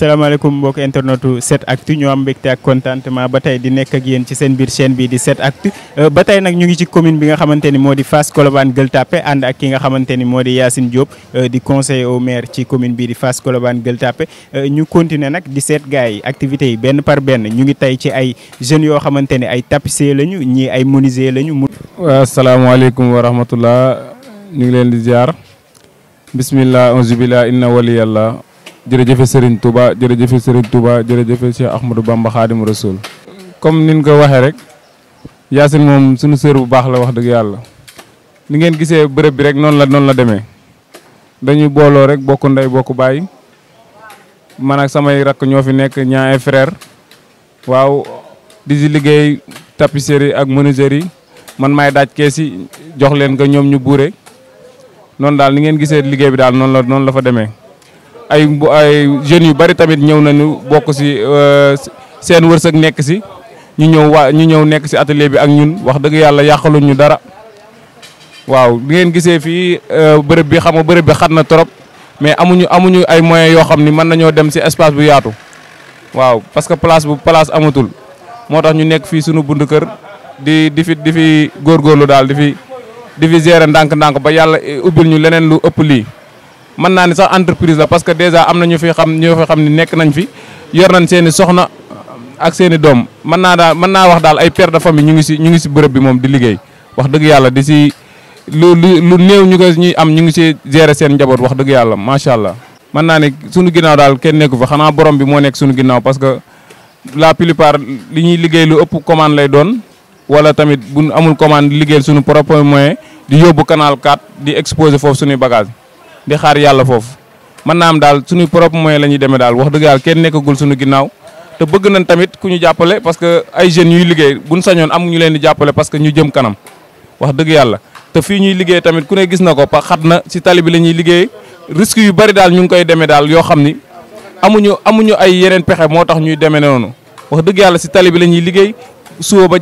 salaamaaleykum mbokk internetu set actu ñoo am mbégte ak contentement ba tey di nekk ak yéen ci seen biir chaîne bi di 7actu euh, ba tey nag ñu ngi ci commune bi nga xamante ni moo di Fass Colobane Gueule Tapée ànd ak ki nga xamante ni moo di Yacine Diop euh, di conseiller au maire ci commune bi di Fass Colobane Gueule Tapée euh, ñu continuer nag di seet gars yi activités yi benn par benn ñu ngi tey ci ay jeunes yoo xamante ne ay tapissier lañu ñii ay menuisier lañu. waaw salaamaaleykum wa rahmatullah ñu ngi leen di ziar bismillah auzu billah inna waliyallah jërëjëfe Serigne Touba jërëjëfe Serigne Touba jërëjëfe Cheikh Ahmadou Bamba Khadim Rasoul comme nin ko waxee rek Yassine mom suñu sœur bu baax la wax deug Yalla ni ngeen gisee bërëb bi rek non la non la deme. dañuy bolo rek bokku nday bokku bay man ak samay rak ño fi nek ñaa ay frère waaw di si liggéey tapisserie ak menuiserie man may daj kessi jox leen ko ñom ñu bouré non dal ni ngeen gisee liggéey bi dal non la non la fa demee ay ay jeune yu bari tamit ñew nañu bokk si euh, seen wërseuk nek si ñu ñew waa ñu ñew nek ci atelier bi ak ñun wax deug yalla yaqalu ñu dara waaw di ngeen gisee fii euh, bërëb bi xam nga bi xatna na mais amuñu amuñu ay moyens yo xamni man nañu dem si espace bu yaatu waaw parce que place bu place amatul motax ñu nek fi suñu bundu kër di di fi di fi góorgóorlu dal di fi di fi gérer ndank ndank ba yalla eh, ubil ñu leneen lu ëpp li man naa ne sax entreprise la parce que déjà amna ñu fi xam ñu fi xam ni nek nañ fi yor nañ seeni soxna ak seeni dom man na da man na wax dal ay père de famille ñu ngi ci ñu ngi ci bërepp bi mom di liggéey wax dëgg yalla di ci lu lu neew ñu ko ñuy am ñu ngi ci gérer seen njaboot wax dëgg yalla ma sha allah. man na ni suñu ginnaw dal kenn neeku fa xana borom bi mo nek suñu ginnaw parce que la plupart li ñuy liggéey lu ëpp commande lay doon wala tamit bu amul commande liggéey suñu propre moyen di yobbu canal 4 di exposer fofu suñu bagage di xaar yàlla foofu mën naa am daal suñu propre moyen la ñuy demee daal wax dëgg yàlla kenn nekkagul suñu ginnaaw te bëgg nañ tamit ku ñu jàppale parce que ay jeunes yuy liggéey buñ sañoon am ñu leen di jàppale parce ñu jëm kanam wax dëgg yàlla te fii ñuy liggéey tamit ku ne gis na ko xat na si tali bi liggéey risque yu bari daal ñu koy demee daal yoo xam ni amuñu amuñu ay yeneen pexe moo tax ñuy demee noonu wax dëgg yàlla si tali bi liggéey suba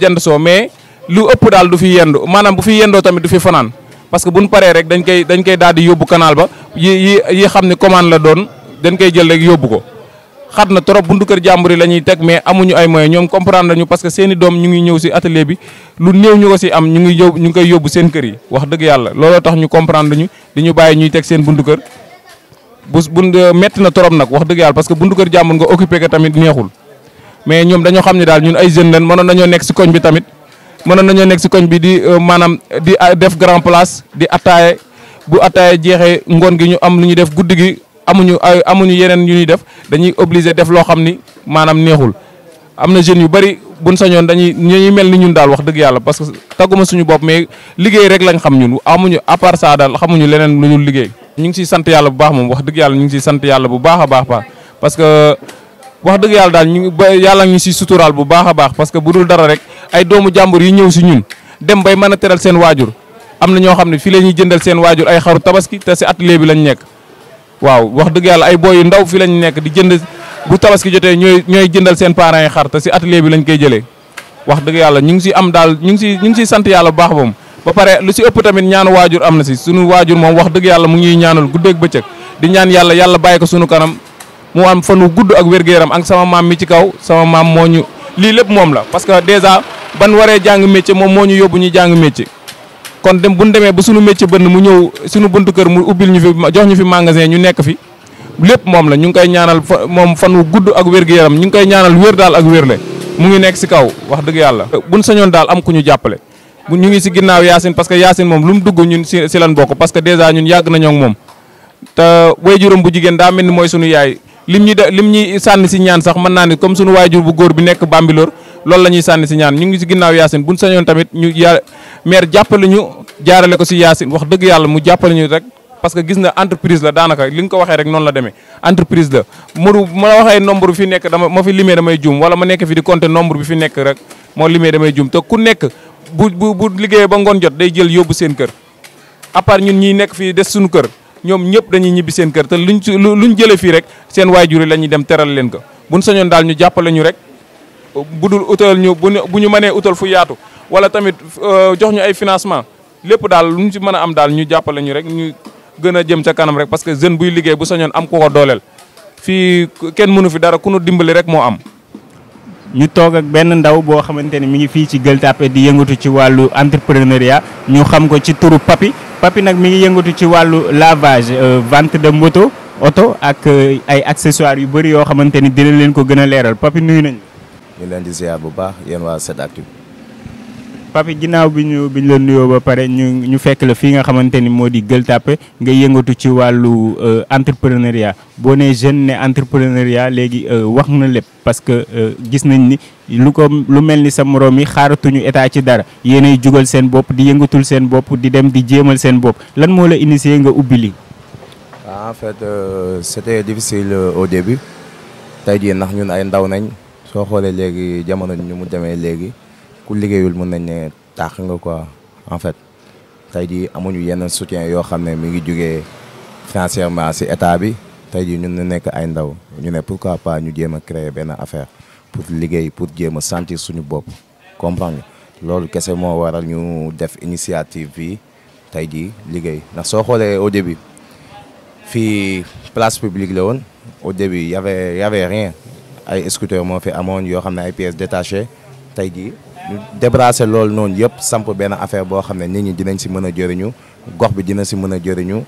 parce que bu paré rek dañ koy dañ koy daal di yobbu canal ba yi yi xamni commande la doon dañ koy jël rek yobbu ko xatna na trop buntu kër jamburi lañuy la mais amuñu ay moyens ñom comprendre nañu parce que seeni doom ñu ngi ñëw si atelier bi lu neew ñu ko si am ñu ngi yób ñu koy yobbu seen kër yi wax dëgg yalla looloo tax ñu comprendre ñu di ñu bàyyi ñuy tek seen buntu kër bu bun metti na torop nak. wax dëgg yalla parce que buntu kër jàmbur nga occuper ko tamit neexul mais ñom dañu xamni dal ñun ay jeune lañ mëno nañoo nekk ci koñ bi tamit mënoon nañoo nekk si koñ bi di euh, maanaam di euh, def grand place di attaaye bu attaaye jeexee ngoon gi ñu am lu ñuy def guddi gi amuñu amuñu yeneen ñu ñuy def dañuy obligé def loo xam ni maanaam neexul am na jeunes yu bëri buñ sañoon dañuy ñuy mel ni ñun daal wax dëgg yàlla parce que tagguma suñu bopp mais liggéey rek lañ xam ñun amuñu à part ça daal xamuñu leneen lu ñu liggéey. ñu ngi siy sant yàlla bu baax moom wax dëgg yàlla ñu ngi siy sant yàlla bu baax a baax parce wax dëgg yàlla daal ñu ba yàlla ñu si suturaal bu baax a baax parce que bu dul dara rek ay doomu jàmbur yi ñëw si ñun dem bay mën a teral seen waajur am na ñoo xam ne fii leen ñuy jëndal seen waajur ay xaru tabaski te si atelier bi lañ nekk waaw wax dëgg yàlla ay booy yu ndaw fi lañ nekk di jënd bu tabaski jotee ñooy ñooy jëndal seen parents yi xar te si atelier bi lañ koy jëlee wax dëgg yàlla ñu ngi si am daal ñu ngi si ñu ngi siy sant yàlla bu baax moom ba pare lu si ëpp tamit ñaanu waajur am na si sunu waajur moom wax dëgg yàlla mu ngi ñaanal guddeeg bëccëg di ñaan yàlla yàlla bàyyi ko sunu kanam mu am fan wu gudd ak wergu yaram ak sama mam mi ci kaw sama mam moñu li lepp mom la parce que déjà ban waré jang métier mom moñu yobbu ñu jang métier kon dem bu démé bu suñu métier bënn mu ñëw suñu buntu kër mu ubil ñu fi jox ñu fi magasin ñu nekk fi lepp mom la ñu ngi koy ñaanal mom fan wu gudd ak wergu yaram ñu ngi koy ñaanal wër dal ak wër lé mu ngi nekk ci kaw wax dëgg yalla buñ sañon dal am ku ñu jàppale ñu ngi ci ginnaw yasin parce que yasin mom lum dugg ñun ci lan bokk parce que déjà ñun yag nañu ak mom ta wayjurum bu jigen da melni moy yaay lim ñu de lim ñuy sànni si ñaan sax mën naa ne comme suñu waajur bu góor bi nekk Bambilor loolu la ñuy sànni si ñaan ñu ngi si ginnaaw Yacine buñ sañoon tamit ñu ya maire jàppale ñu jaarale ko si Yacine wax dëgg yàlla mu jàppale ñu rek parce que gis na entreprise la daanaka li nga ko waxee rek noonu la demee entreprise la muru ma waxee nombre bi fi nekk dama ma fi limee damay juum wala ma nekk fi di compter nombre bi fi nekk rek moo limee damay juum te ku nekk bu bu bu liggéeyee ba ngoon jot day jël yóbbu seen kër à part nekk fii des suñu kër ñoom ñëpp dañuy ñibbi seen kër te luñ ci luñ jëlee fii rek seen waajur yi la ñuy dem teral leen ko buñ sañoon daal ñu jàppale ñu rek bu dul utal ñu bu ñu mënee utal fu yaatu wala tamit euh, jox ñu ay financement lépp daal luñ ci mën a am daal ñu jàppale ñu rek ñu gën a jëm ca kanam rek parce que jeune buy liggéey bu sañoon am ku ko dooleel fii kenn mënu fi dara ku dimbali rek moo am. ñu toog ak benn ndaw boo xamante ni mi ngi fii ci Gueule Tapée di yëngatu ci wàllu entrepreneuriat ñu xam ko ci turu Papy Papy nag mi ngi yëngatu ci wàllu lavage euh, vente de moto oto ak euh, ay accessoires yu bëri yoo xamante ni dina leen ko gën a leeral Papy nuyu nañ ñu leen di bu baax yéen waa 7actu. Papy ginnaaw bi ñu bi ñu la nuyoo ba pare ñu ñu fekk la fii nga xamante ni moo di Gueule Tapée nga yëngatu ci wàllu euh, entrepreneuriat boo nee jeune ne entrepreneuriat léegi wax na lépp parce que gis nañ ni. lu ko lu mel ni sa morom yi xaaratuñu état ci dara yéenay jugal seen bopp di yëngatul seen di dem di jemal sen bop lan moo la initié nga ubbi sete, ah, en fait euh, c'était difficile euh, au début tey jii ndax ñun ay ndaw nañ soo xoolee léegi jamono ñu mu demee léegi ku liggéeyul mën nañ ne taax nga quoi en fait tey jii amuñu yenn soutien yoo xam mi ngi jugee financièrement si état bi tey jii ñun nekk ay ndaw ñu ne pourquoi pas ñu jéem créer affaire pour liggéey pour dire a sentir suñu bopp comprendre nga loolu moi moo waral ñu def initiative bi tey jii liggéey ndax au début fi place publique là au début y avait y avait rien ay moi fait fi amoon yoo xam ne ay pièces détachées tey jii ñu débrasser loolu noonu yëpp samp benn affaire boo xam ne nit ñi dinañ si mën a jëriñu gox bi si mën a jëriñu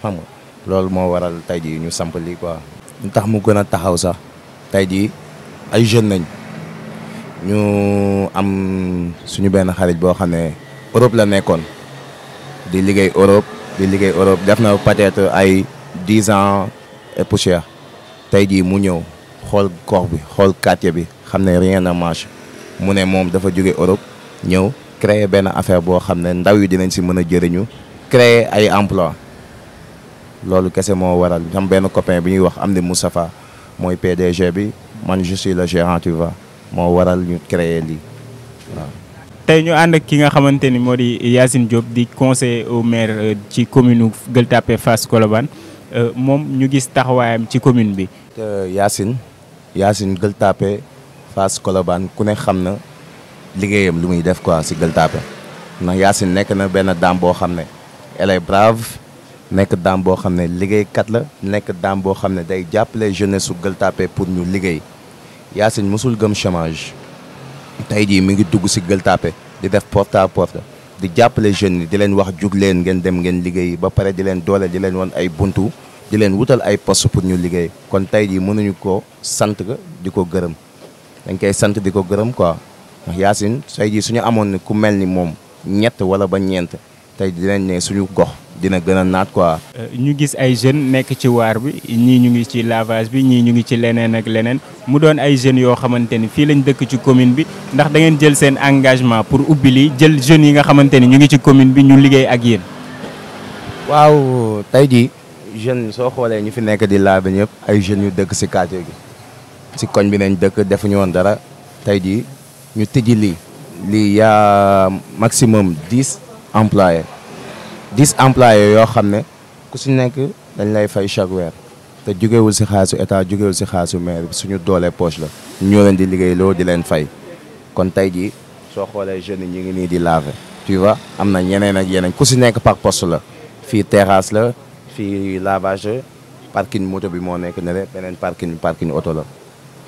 xam nga loolu moo waral tey jii ñu samp lii quoi. ñu tax mu gën a taxaw sax ay jeunes nañ ñu am suñu benn xarit boo xam ne Europe la nekkoon di liggéey Europe di liggéey Europe def na peut-être ay dix ans et poussière tey jii mu ñëw xool gox bi xool quartier bi xam ne rien ne marche mu ne moom dafa jóge Europe ñëw créer benn affaire boo xam ne ndaw yi dinañ si mën a jëriñu créer ay emploi loolu kese moo waral am benn copain bi ñuy wax am ne Moustapha mooy PDG bi man je suis le gérant tu vois mo waral ñu créer li tay ñu and ak ki nga modi Diop di conseiller au maire euh, ci commune Gueule face koloban Colobane euh, ñu gis taxawayam ci commune bi. Euh, Yacine Yacine Gueule face Colobane ku ne xamna na lu muy def quoi Yacine na ben daam bo elle est brave. nekk daam boo xam ne liggéeykat la nekk daam boo xam ne day jàppale jeunesse su Gueule pour ñu liggéey Yacine mosul gëm chômage tey jii mi ngi dugg si Gueule di def porte di jàppale jeunes yi di leen wax jug leen ngeen dem ngeen liggéey ba pare di leen doole di leen won ay buntu di leen wutal ay poste pour ñu liggéey kon tey jii mënuñu ko sant di ko gërëm dañ koy sant di ko gërëm quoi ndax Yacine tey su ñu amoon ku mel ni moom ñett wala ba ñeent tey dinañ ne suñu gox dina gën a naat quoi. Euh, ñu gis ay jeunes nekk ci waar bi ñii ñu ngi ci lavage bi ñii ñu ngi ci leneen ak leneen mu doon ay jeunes yoo xamante ni fii lañ dëkk ci commune bi ndax da jël seen engagement pour ubbi jël jeunes yi nga xamante ni ñu ngi ci commune bi ñu liggéey ak yéen. waaw tey jii jeunes soo xoolee ñu fi nekk di laabe ñëpp ay jeunes yu dëkk si quartier gi si koñ bi nañ dëkk defuñu woon dara tey jii ñu tijji lii. lii yaa maximum dix. employés dix employés yo xamné ku si nek dañ lay fay chaque weer te jógewul si xaalisu état si maire suñu dolé poche la ñoo di di leen fay kon laver tu vois am ñeneen ak yeneen ku par poste la fi terrasse la fi lavage parking moto bi mo nek le parking parking auto la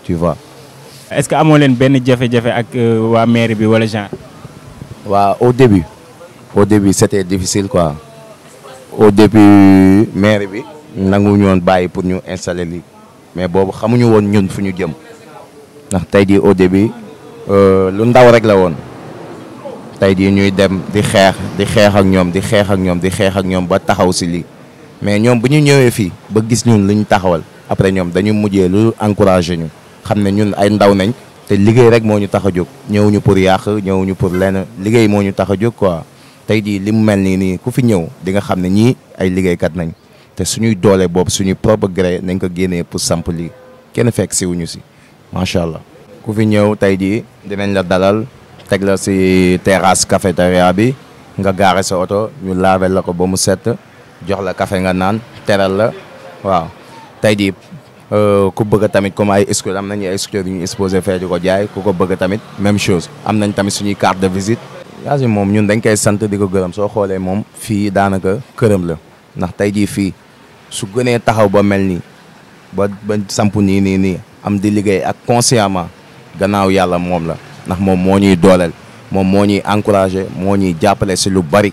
tu vois. est-ce que benn jafé ak euh, maire bi wala au début. au début c'était difficile quoi au début maire bi nangu ñoon bàyyi pour ñu installer li mais boobu xamuñu woon ñun fu ñu jëm ndax tey ji jii au début euh, lu ndaw rek la woon tey jii ñuy dem di xeex di xeex ak ñoom di xeex ak ñoom di xeex ak ñoom ba taxaw si lii mais ñoom bu ñu ñëwee fii ba gis ñun lu ñu taxawal après ñoom dañu mujjee lu encouragé ñu xam ne ñun ay ndaw nañ te liggéey rek moo ñu tax a jóg ñëwuñu pour yàq ñëwuñu pour lenn liggéey moo ñu tax a jóg quoi tey jii li mu mel nii nii ku fi ñëw di nga xam ne ñii ay liggéeykat nañ te suñuy doole boobu suñuy propre gré nañ ko génnee pour samp lii kenn fekk si wuñu si macha allah. ku fi ñëw tey jii dinañ la dalal tegla si si terrasse cafétéria bi nga gaare sa oto ñu laabel la ko ba mu set jox la café nga naan teral la waaw tey jii. Euh, ku bëgg tamit comme ay sculptures am nañu ay sculptures yu ñu exposé fee ko jaay ku ko bëgg tamit même chose am nañ tamit suñuy carte de visite Yacine moom ñun dañ koy sant di ko gërëm soo xoolee moom fii daanaka këram la ndax tey jii fii su gënee taxaw ba mel nii ba ba samp nii nii nii am di liggéey ak consciemment gannaaw yàlla moom la ndax moom moo ñuy dooleel moom moo ñuy encouragé moo ñuy jàppale si lu bari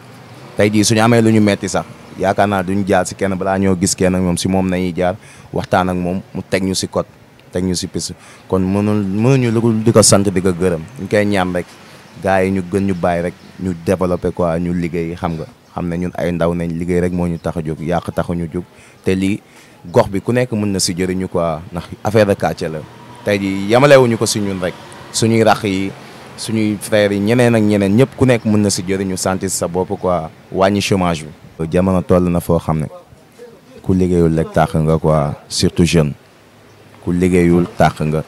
tey jii suñu amee lu ñu metti sax yaakaar naa duñ jaar si kenn balaa ñoo gis kenn ak moom si moom nañuy jaar waxtaan ak moom mu teg ñu si code teg ñu si pis kon mënul mënuñu lu di ko sant di ko gërëm ñu koy ñaan gars yi ñu gën ñu bàyyi rek ñu développé quoi ñu liggéey xam nga xam ne ñun ay ndaw nañ liggéey rek moo ñu tax a jóg yàq taxuñu jóg te lii gox bi ku nekk mun na si jëriñu quoi ndax affaire de quartier la tey jii yamalewuñu ko si ñun rek suñuy rax yi suñuy frères yi ñeneen nag ñeneen ñëpp ku nekk mën na si jëriñu sentir sa bopp quoi wàññi chomage bi. jamono toll na foo xam ne ku liggéeyul rek tàq nga quoi surtout jeune ku liggéeyul tàq nga.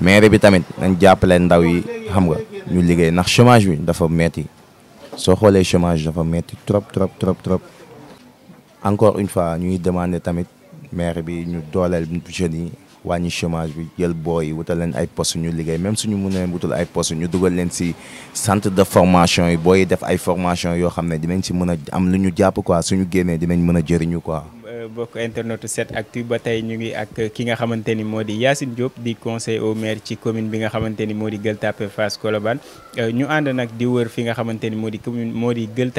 maire bi tamit nañ jàppale ndaw yi xam nga ñu liggéey ndax chômage bi dafa metti soo xoolee chômage dafa metti trop trop trop trop encore une fois ñuy demander tamit maire bi ñu dooleel jeunes waa wàññi chômage bi jël booy yi leen ay pos ñu liggéey même suñu munee wutal ay pos ñu dugal leen si centre de formation yi booy def ay formation yoo xam ne dinañ si mën a am lu ñu jàpp quoi suñu génnee dinañ mën a jëriñu quoi bokk internetu 7actu ba tey ñu ngi ak ki nga xamante moo di Yacine Diop di conseil au ci commune bi nga xamante ni moo di Gueule Tapée Fass Colobane euh, ñu ànd nag di wër fi nga xamante moo di commune moo di Gueule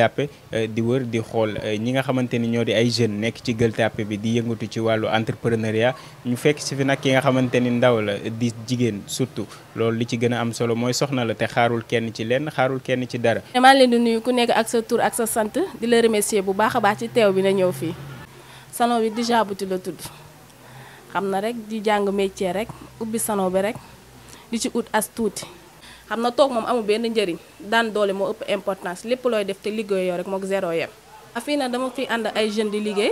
euh, di wër di xool euh, ñi nga xamante ni ñoo di ay jeunes nekk ci Gueule Tapée bi di yëngatu ci wàllu entrepreneuriat ñu fekk si fi nag ki nga xamante ni ndaw la di jigéen surtout loolu li ci gën a am solo mooy soxna la te xaarul kenn ci lenn xaarul kenn ci dara. salon bi déjà buti la tudd xam na rek di jàng métier rek ubbi salon bi rek di ci ut as tuuti xam na toog moom amul benn njëriñ daan doole moo ëpp importance lépp looy def te liggéeyoo rek mook zéro yem. fii nag dama fi ànd ay jeunes di liggéey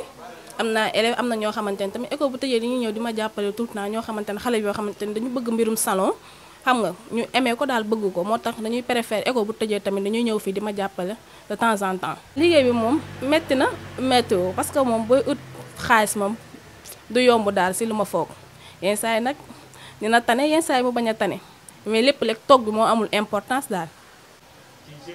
am naa élèves am na ñoo xamante ne tamit école bu tëjee dañuy ñëw di ma jàppale tout temps ñoo xamante ne xale yoo xamante ne dañu bëgg mbirum salon xam nga ñu aimé ko daal bëgg ko moo tax dañuy préférer école bu tëjee tamit dañuy ñëw fii di ma jàppale de temps en temps. liggéey bi moom métti na météo parce que moom booy ut. xaalis moom du yomb daal si lu ma foog yenn saa yi nag dina tane yenn saa mu bañ a tane mais lépp lekk togg moo amul importance daal. ci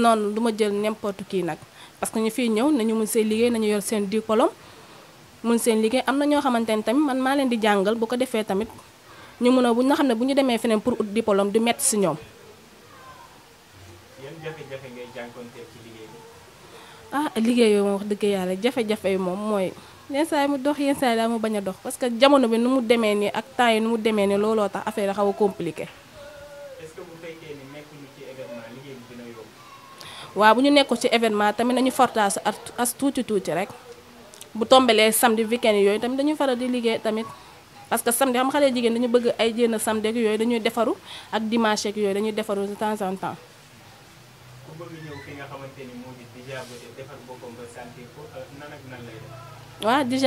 noonu du ma jël n'importe kii nag parce que ñu fiy ñëw nañu mun seen liggéey nañu yor seen diplôme mun seen liggéey am na ñoo xamante ni tamit man maa leen di jàngal bu ko defee tamit. ñu mën a bu nga xam ne bu ñu demee feneen pour ut diplôme du métti si ñoom. yan ci liggéey bi. Ah, wax dëgg yàlla jafe yi moom mooy yenn saa yi dox yenn saa bañ a dox parce que jamono bi nu mu demee nii ak yi nu mu demee nii looloo tax affaire xaw a compliqué. waaw bu ñu nekkul ci événement tamit nañu fortaas as tuuti tuuti rek bu tombelee samedi weekend yooyu tamit dañu faral di liggéey tamit. parce que samedi xam xale jigéen dañu bëgg ay jénn samedi ak yooyu dañuy defaru ak dimanche ak yooyu dañuy defaru de temps en temps. ku bëgg ñëw fi nga xamante ni moo di Dija Beauty defar boppam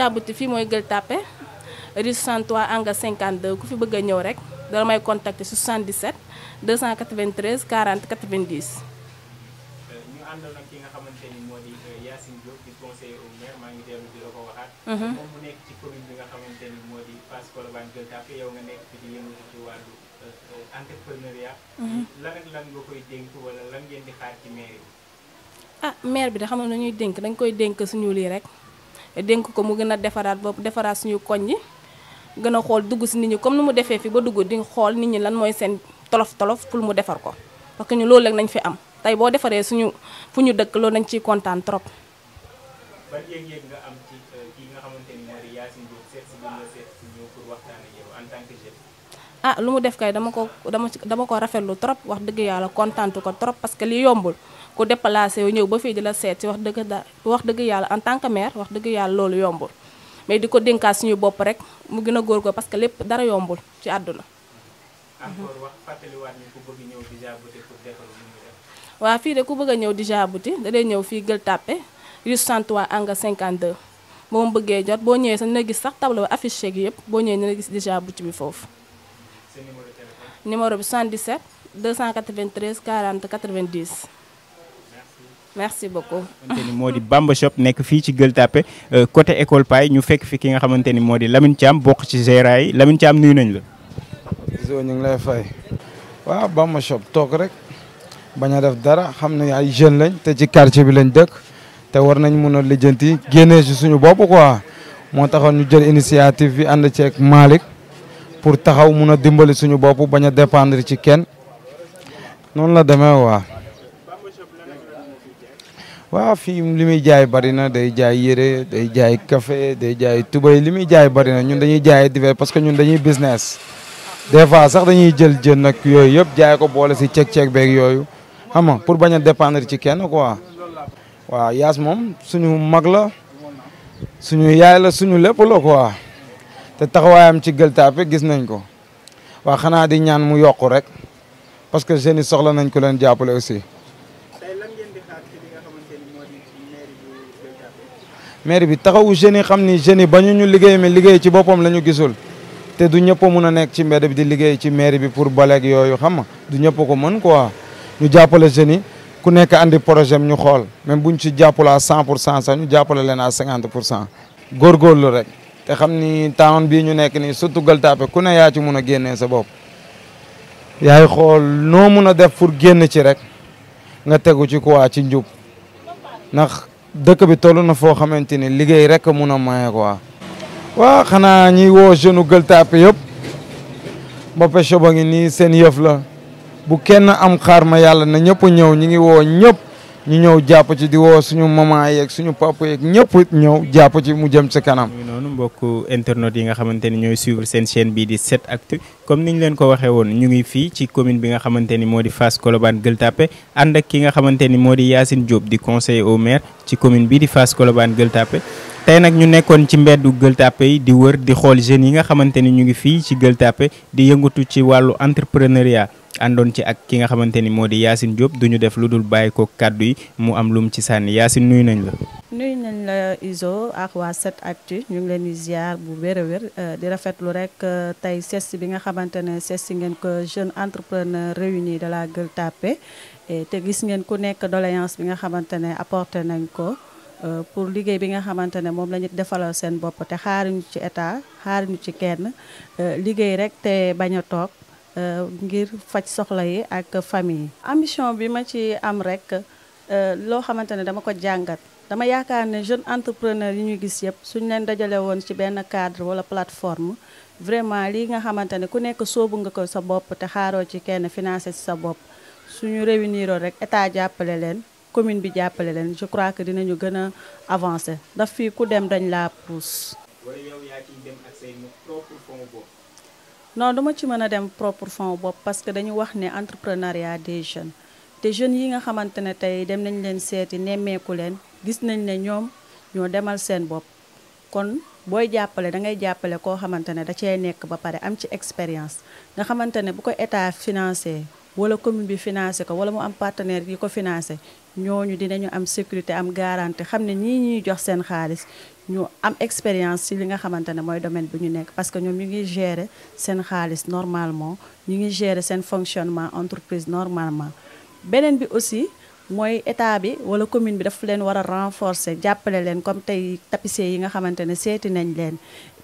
euh, fii mooy Gueule Tapée rue 63 angle ku fi bëgg a ñëw rek dala may contacter 77 293 40 cent euh, ñu àndoon ak ki nga xamante ni Gueule yow nga euh, mhm. maire bi. ah maire bi da xam ne dañuy dénk dañ koy dénk suñu lii rek dénk ko mu gën a defaraat ba defaraat suñu koñ yi gën a xool dugg si nit ñi comme ni mu defee fii ba dugg di xool nit ñi lan mooy seen tolof tolof pour mu defar ko parce que ñu loolu rek nañ fi am tey boo defaree suñu fu ñu dëkk loolu nañ ciy kontaan trop. ah lu mu def kay dama ko dama dama ko rafetlu trop wax dëgg yàlla kontaante ko trop parce que li yombul ku déplacé wu ñëw ba fii di la seet si wax dëgg da wax dëgg yàlla en tant que wax dëgg yàlla loolu yombul mais di ko dénkaat suñu bopp rek mu gën a góor ko parce que lépp dara yombul ci àdduna. encore fii de ku bëgg ñëw di jaabuti da day ñëw fii Gueule Tapée rue 63 angle 52 boo mu bëggee jot boo ñëwee sax na gis sax tableau affiché gi yëpp boo ñëwee gis di jaabuti bi foofu. numéro bi 77 293 40 90. merci beaucoup. xamante ni moo di Bamba Shop nekk fii ci Gueule Tapée euh, côté école Paye ñu fekk fi ki nga xamante ni moo di Lamine Thiam bokk ci gérant yi Lamine Thiam nuyu nañ la. Zo ñu ngi lay fay. waaw Bamba Shop toog rek bañ a def dara xam ne ay jeunes lañ te ci quartier bi lañ dëkk te war nañ mun a lijjanti génnee si suñu bopp quoi moo taxoon ñu jël initiative bi ànd ceeg Malick. pour taxaw mun a dimbali suñu bopp bañ a dépendre ci kenn noonu la demee waa waaw fii li muy jaay bari na day jaay yére day jaay kafe day jaay tubay li muy jaay bari na ñun dañuy jaay divers parce que ñun dañuy business des fois sax dañuy jël jën nag yooyu yëpp jaay ko boole si cek-cek beeg yooyu xam nga pour bañ a dépendre ci kenn quoi waaw yaas moom suñu mag la suñu yaay la suñu lépp la quoi te taxawaayam ci Gueule Tapée gis nañ ko waa xanaa di ñaan mu yokk rek parce que jeunes yi soxla nañ ko leen jàppale aussi. maire bi taxawu jeunes yi xam ni jeunes yi bañu ñu liggéey mi liggéey ci boppam la ñu gisul te du ñëpp a mun a nekk ci mbedd bi di liggéey ci maire bi pour baleeg yooyu xam nga du ñëpp ko mën ko waa ñu jàppale jeunes yi ku nekk andi projet ñu xool même buñ ci jàppale à 100 pour cent sax ñu jàppale leen à 50 pour cent góorgóorlu rek. te xam ni town bii ñu nekk nii surtout Gueule Tapée ku ne yaa ci mun a génnee sa bopp yaay xool noo mun a def pour génn ci rek nga tegu ci ko waa ci njub ndax dëkk bi toll na foo xamante ni liggéey rek a mun a maye quoi waa xanaa ñi woo jeune u Gueule Tapée yëpp ba ngi nii seen yëf la bu kenn am xaar ma yàlla na ñëpp ñëw ñi ngi woo ñëpp ñu ñew japp ci di wo suñu mama yek suñu papa yek ñepp ñew japp ci mu jëm ci kanam. ñu noonu mbokk internet yi nga xamanteni ñoy suivre sen chaîne bi di 7actu comme niñ leen ko waxé won ñu ngi fi ci commune bi nga xamanteni modi di Fass Colobane Gueule Tapée ak ki nga xamanteni modi Yassine di Diop di conseiller au maire ci commune bi di Fass Colobane Gueule Tapée tey nag ñu nekkon ci mbeddu Gueule yi di wër di xol jeune yi nga xamanteni ñu ngi fi ci di yëngutu ci walu entrepreneuriat andon ci ak ki nga xamanteni modi yasin di Diop duñu def luddul dul ko kàddu yi mu am lum ci sànni yasin nuy nañ la. nuy nañ la iso ak wa set actu ñu ngi leen di ziar bu wéré wér euh, di rafetlu rek euh, tay ses bi nga xamanteni ses ngeen ko jeune entrepreneur réuni de la Gueule et te gis ngeen ku nekk doléance bi nga xamanteni apporter nañ ko. Euh, pour liguey bi nga xamantene mom lañu defalal seen bopp te xaaruñu ci état ci kenn liguey rek te baña tok Euh, ngir faj soxla yi ak famille yi. ambition bi ma ci am rek euh, loo xamante ne dama ko jàngat dama yaakaar ne jeune entrepreneur yi ñu gis yëpp suñ leen dajale woon ci benn cadre wala plateforme vraiment lii nga xamante ne ku nekk soobu nga ko sa bopp te xaaroo ci kenn financé si sa bopp suñu réunir rek état jàppale leen. commune bi jàppale leen je crois que dinañu gën a avancé daf ku dem dañ laa pousse. noonu dama ci mën a dem propre fond bopp parce que dañu wax ne entrepreneuriat des jeunes te jeunes yi nga xamante ne tey dem nañ leen seeti nemmeeku leen gis nañ ne ñoom ñoo demal seen bopp kon booy jàppale da ngay jàppale koo xamante ne da cee nekk ba pare am ci expérience nga xamante ne bu ko état financé wala commune bi financé ko wala mu am partenaire yi ko financé ñooñu dinañu am sécurité am garantie xam ne ñii ñuy jox seen xaalis ñu am expérience ci li nga xamante ne mooy domaine bi ñu nekk parce que ñoom ñu ngi gérer seen xaalis normalement ñu ngi gérer seen fonctionnement entreprise normalement beneen bi aussi mooy état bi wala commune bi daf leen war a renforcer jàppale leen comme tey tapissier yi nga xamante ne seeti nañ leen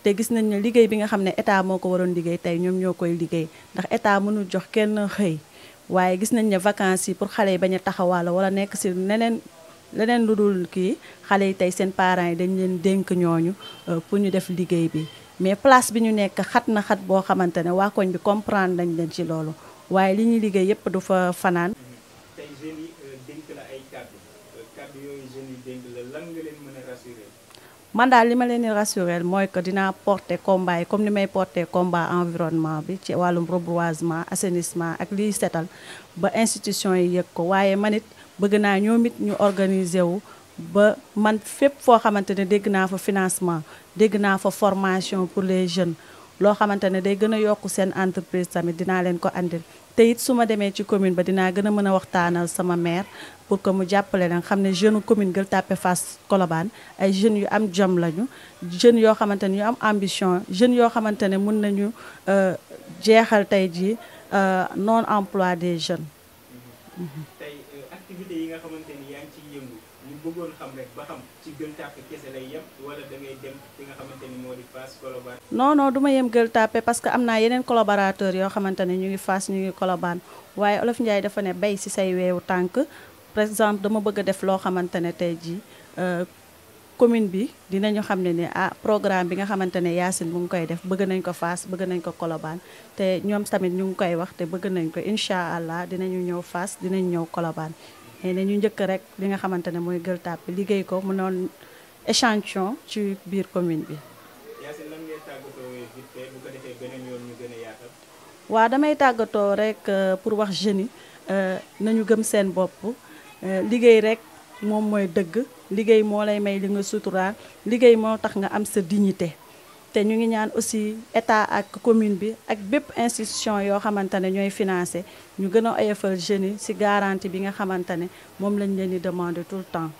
te gis nañ ne liggéey bi nga xam ne état moo ko waroon liggéey tey ñoom ñoo koy liggéey ndax état mënul jox kenn xëy waaye gis nañ ne vacance yi pour xale yi bañ a taxawaalo wala nekk si neneen leneen lu dul kii xale yi tey seen parents yi dañ leen dénk ñooñu euh, pour ñu def liggéey bi mais place bi ñu nekk xat na xat boo xamante ne waa koñ bi comprendre nañ leen ci loolu waaye li ñuy liggéey yëpp du fa fanaan. man daal li ma leen di rassurel mooy que dinaa porter combat yi comme ni may porter combat environnement bi ci wàllum reboisement assainissement ak liy setal ba institution yi yëg ko waaye man it bëgg naa ñoom it ñu organiser wu ba man fépp foo xamante ne dégg naa fa financement dégg naa fa formation pour les jeunes loo xamante ne day gën a yokk seen entreprise tamit dinaa leen ko andil te su ma demee ci commune ba dinaa gën a mën a waxtaanal sama maire pour que mu jàppale leen xam ne jeune commune Gueule Tapée Fass Colobane ay jeunes yu am jom lañu jeunes yoo xamante ne am ambition jeunes yoo xamante ne mun nañu euh, jeexal tey jii euh, non emploi des jeunes. Mm-hmm. Mm-hmm. bëggoon xam rek ba xam ci Gueule Tapée kese lay yem wala da ngay dem fi nga xamante ni moo di Fass Colobane. non non du ma yem Gueule Tapée parce que am naa yeneen collaborateur yoo xamante ne ñu ngi Fass ñu ngi Colobane waaye Olof Ndiaye dafa ne bay si say weewu tànk par exemple dama bëgg a def loo xamante ne tey jii euh, commune bi dinañu xam ne ne ah programme bi nga xamante ne Yacine mu ngi koy def bëgg nañ ko Fass bëgg nañ ko Colobane te ñoom tamit ñu ngi koy wax te bëgg nañ ko incha allah dinañu ñëw Fass dinañ ñëw Colobane xëy eh, na ñu njëkk rek li nga xamante ne mooy Gueule Tapée liggéey ko mu noon échantillon ci biir commune bi. waa damay tàggatoo rek euh, pour wax jeunes yi euh, nañu gëm seen bopp euh, liggéey rek moom mooy dëgg liggéey moo lay may li nga suturaal liggéey moo tax nga am sa dignité. té ñu aussi ñaan aussi état ak commune bi ak bép institutions yo xamantane ñoy financer ñu gëna ayeufal oyofal ci garantie bi nga xamantane mom lañ leen demander tout le temps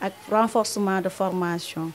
ak renforcement de formation.